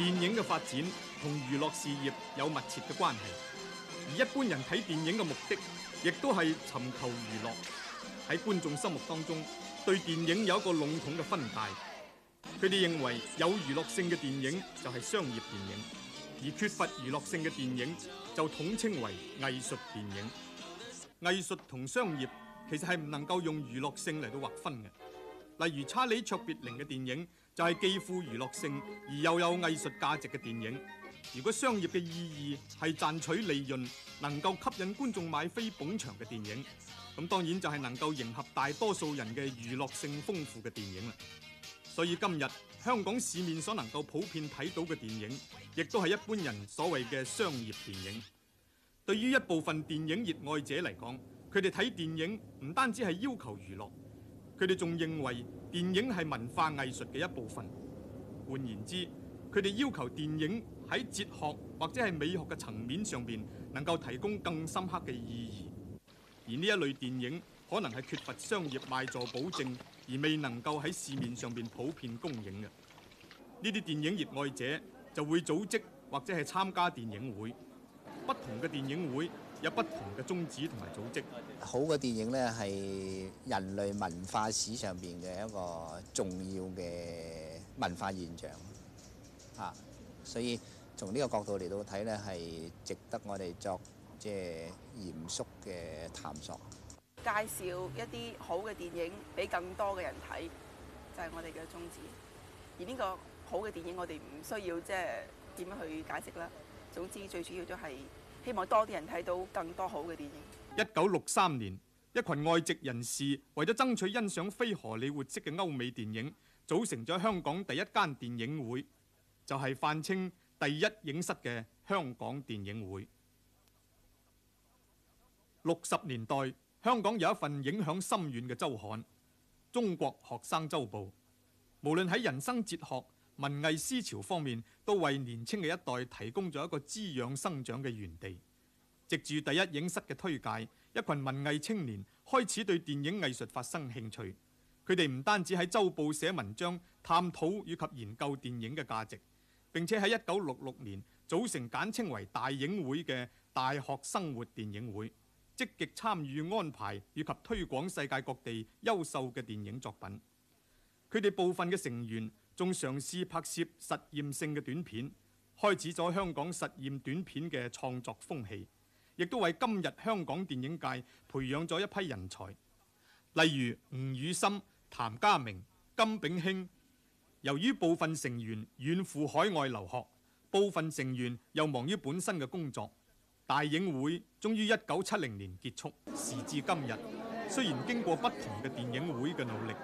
電影嘅發展同娛樂事業有密切嘅關係，而一般人睇電影嘅目的，亦都係尋求娛樂。喺觀眾心目當中，對電影有一個籠統嘅分界，佢哋認為有娛樂性嘅電影就係商業電影，而缺乏娛樂性嘅電影就統稱為藝術電影。藝術同商業其實係唔能夠用娛樂性嚟到劃分嘅，例如查理卓別靈嘅電影。就係、是、既富娛樂性而又有藝術價值嘅電影。如果商業嘅意義係賺取利潤，能夠吸引觀眾買飛捧場嘅電影，咁當然就係能夠迎合大多數人嘅娛樂性豐富嘅電影啦。所以今日香港市面所能夠普遍睇到嘅電影，亦都係一般人所謂嘅商業電影。對於一部分電影熱愛者嚟講，佢哋睇電影唔單止係要求娛樂。佢哋仲認為電影係文化藝術嘅一部分。換言之，佢哋要求電影喺哲學或者係美學嘅層面上邊能夠提供更深刻嘅意義。而呢一類電影可能係缺乏商業賣座保證，而未能夠喺市面上邊普遍公映嘅，呢啲電影熱愛者就會組織或者係參加電影會。不同嘅電影會有不同嘅宗旨同埋組織。好嘅電影咧，係人類文化史上邊嘅一個重要嘅文化現象。嚇，所以從呢個角度嚟到睇咧，係值得我哋作即係嚴肅嘅探索。介紹一啲好嘅電影俾更多嘅人睇，就係我哋嘅宗旨。而呢個好嘅電影，我哋唔需要即係點樣去解釋啦。總之，最主要都係希望多啲人睇到更多好嘅電影。一九六三年，一群外籍人士為咗爭取欣賞非荷里活式嘅歐美電影，組成咗香港第一間電影會，就係、是、泛稱第一影室嘅香港電影會。六十年代，香港有一份影響深遠嘅周刊《中國學生周報》，無論喺人生哲學、文藝思潮方面，都為年青嘅一代提供咗一個滋養生長嘅園地。藉住第一影室嘅推介，一群文藝青年開始對電影藝術發生興趣。佢哋唔單止喺周報寫文章，探討以及研究電影嘅價值，並且喺一九六六年組成簡稱為大影會嘅大學生活電影會，積極參與安排以及推廣世界各地優秀嘅電影作品。佢哋部分嘅成員。仲嘗試拍攝實驗性嘅短片，開始咗香港實驗短片嘅創作風氣，亦都為今日香港電影界培養咗一批人才，例如吳宇森、譚家明、金炳興。由於部分成員遠赴海外留學，部分成員又忙於本身嘅工作，大影會終於一九七零年結束。時至今日，雖然經過不同嘅電影會嘅努力。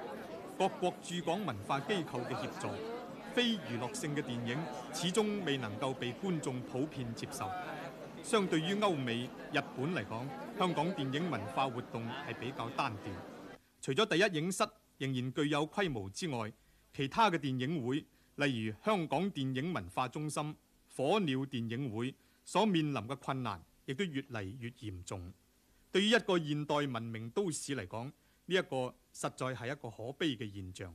各國駐港文化機構嘅協助，非娛樂性嘅電影始終未能夠被觀眾普遍接受。相對於歐美、日本嚟講，香港電影文化活動係比較單調。除咗第一影室仍然具有規模之外，其他嘅電影會，例如香港電影文化中心、火鳥電影會，所面臨嘅困難亦都越嚟越嚴重。對於一個現代文明都市嚟講，呢一個。實在係一個可悲嘅現象。